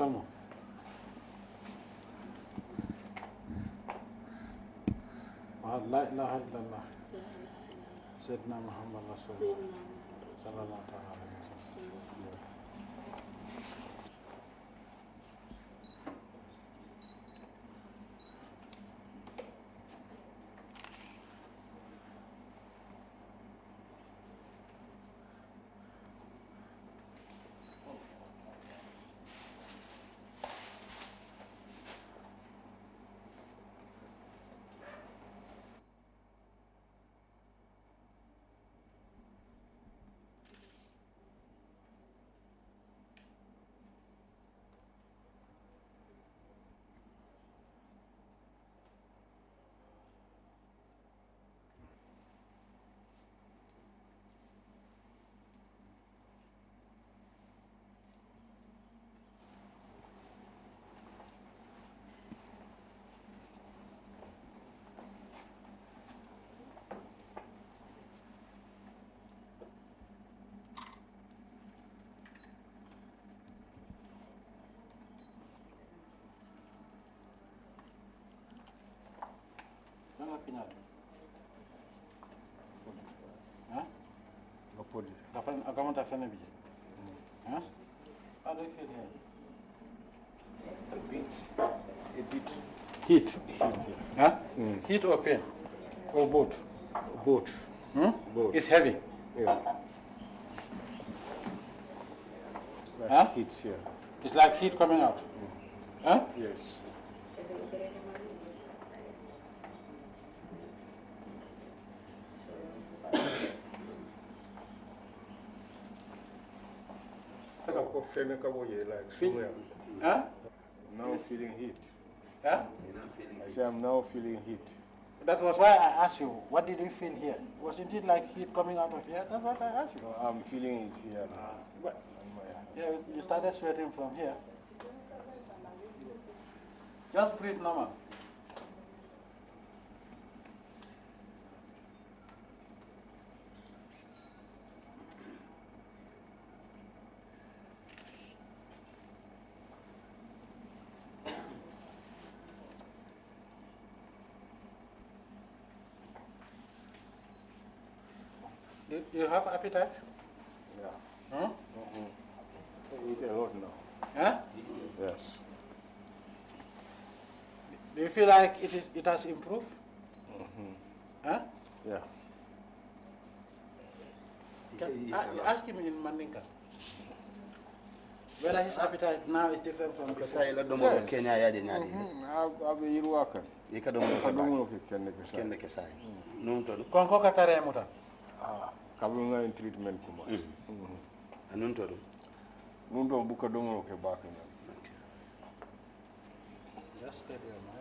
seulement. La ilaha illallah. Sayyidina Muhammad sallallahu alayhi wa sallam. afanya akamata a bit a bit heat heat huh? mm. heat or pain or both both hmm? both it's heavy yeah like huh? heat yeah it's like heat coming out mm. huh yes like feme ka wo like somewhere. Huh? I'm now feeling heat. Huh? I say I'm now feeling heat. That was why I asked you, what did you feel here? Wasn't it like heat coming out of here? That's what I asked you. No, I'm feeling it here now. But, ah. yeah, you started sweating from here. Just breathe normal. You, you have appetite? Yeah. Huh? Mm -hmm. I eat a lot now. Huh? Yes. Do you feel like it, is, it has improved? Mm -hmm. Huh? Yeah. Can, ask him in Mandinka. Whether his appetite now is different from before. Kasa ila domo yes. Kenya ya de nyadi. Mm-hmm. Abe yiru waka. you domo ke kende kesai. Kende kesai. Mm. Ah. kabirŋayin treatment commence mm-hmm. anun to ɗum ɗum ɗo buka domoro ke bake nan Just stay there, man.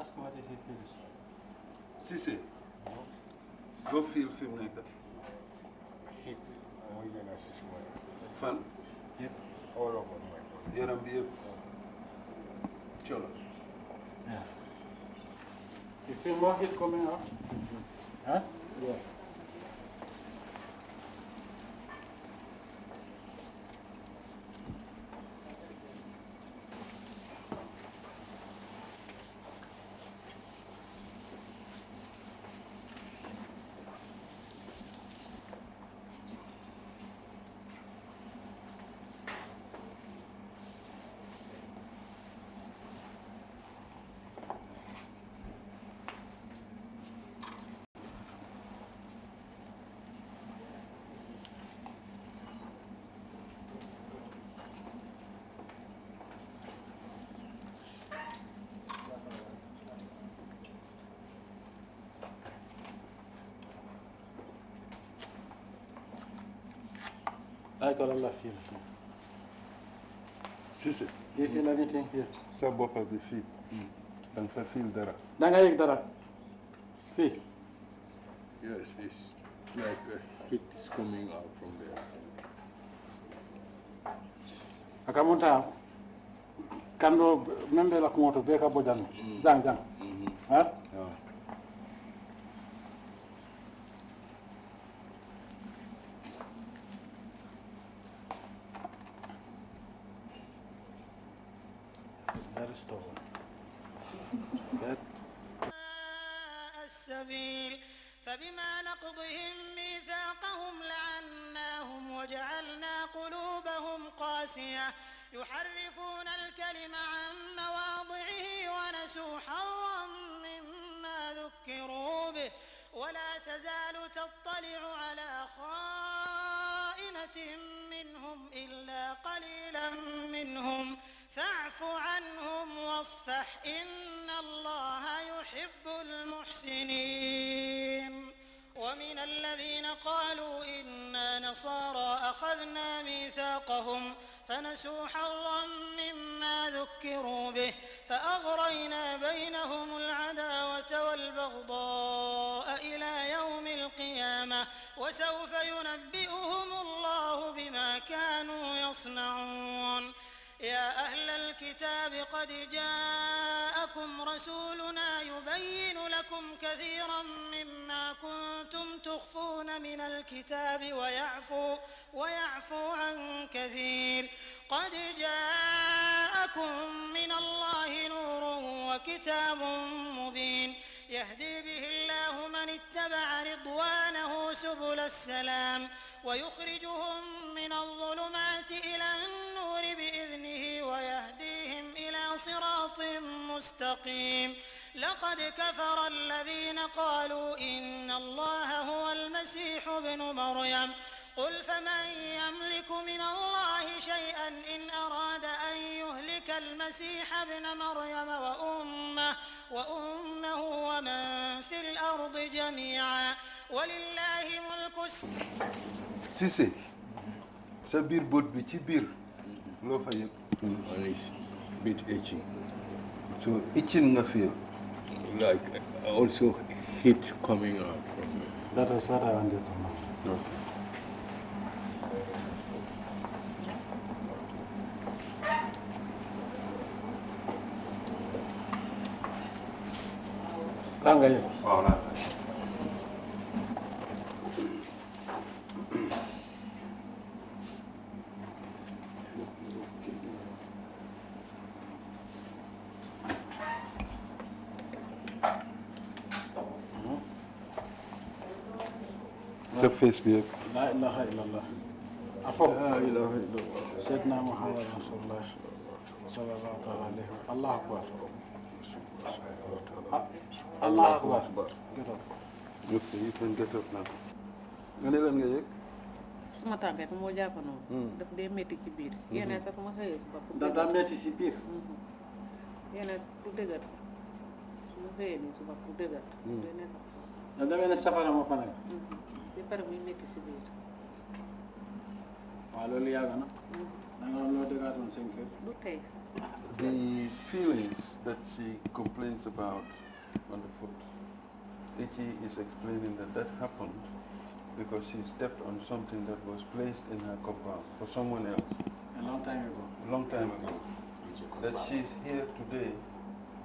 ask what is he feeling. Sise. go feel fi like that? hit mooy gën a si suma yaram. fan. all over my body. yaram bi yëpp colo. yes. you feel more hit coming up? Huh? Yes. I got a Aykol Allah feel. Cissé. You feel anything here? Sa bopp bi fii. da And fa feel dara. da nga yëg dara. fii. yes it's like a heat is coming out from there. akamunta kando membe la kumoto beka bojano. Mm. jang jang. Mm-hmm. ah. السبيل فبما نقضهم ميثاقهم لعناهم وجعلنا قلوبهم قاسية يحرفون الكلم عن مواضعه ونسوا حظا مما ذكروا به ولا تزال تطلع على خائنة منهم إلا قليلا منهم فاعف عنهم فاصفح إن الله يحب المحسنين ومن الذين قالوا إنا نصارى أخذنا ميثاقهم فنسوا حظا مما ذكروا به فأغرينا بينهم العداوة والبغضاء إلى يوم القيامة وسوف ينبئهم الله بما كانوا يصنعون يا أهل الكتاب قد جاءوا رسولنا يبين لكم كثيرا مما كنتم تخفون من الكتاب ويعفو, ويعفو عن كثير قد جاءكم من الله نور وكتاب مبين يهدي به الله من اتبع رضوانه سبل السلام ويخرجهم من الظلمات إلى النور بإذنه صراط مستقيم لقد كفر الذين قالوا إن الله هو المسيح ابن مريم قل فمن يملك من الله شيئا إن أراد أن يهلك المسيح ابن مريم وأمه, وأمه ومن في الأرض جميعا ولله ملك سيسي سبير biir بيتي بير ci bit itching. So itching I feel like uh, also heat coming out from me. That was what I wanted to know. Okay. Thank you. Oh, no. face bi laa ilaha illallah afo laa ilaha illallah seydna muhammad rasulullah sallallahu taala alayhi allah akbar allah get up ok you can get up now nga ne lan nga yëg suma tàngat moo jàppandoo hmm. daf dee métti ci biir hmm. yeneen hmm. sax suma xëyee suba daf daa métti ci biir yeneen sax suma xëyee nii suba du dëgër da demee ne safara moo fa nekk para me The feelings that she complains about on the foot, Ichi is explaining that that happened because she stepped on something that was placed in her compound for someone else. A long time ago. A long time ago. That she's here today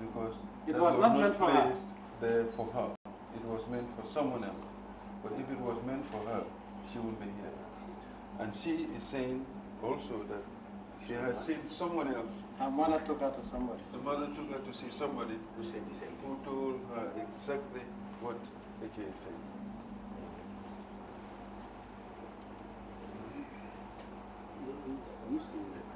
because it was, was not meant for her. there for her. It was meant for someone else. But if it was meant for her, she would be here. And she is saying also that she has seen someone else. Her mother took her to somebody. The mother took her to see somebody who said the same Who told her exactly what the kid said. Used to that.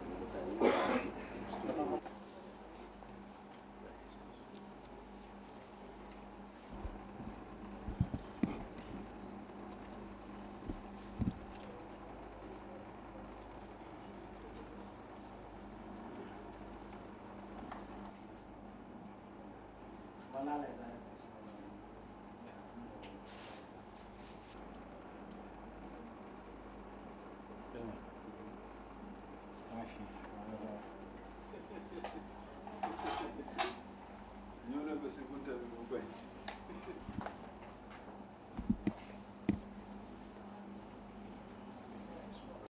Is Isn't it? I feet.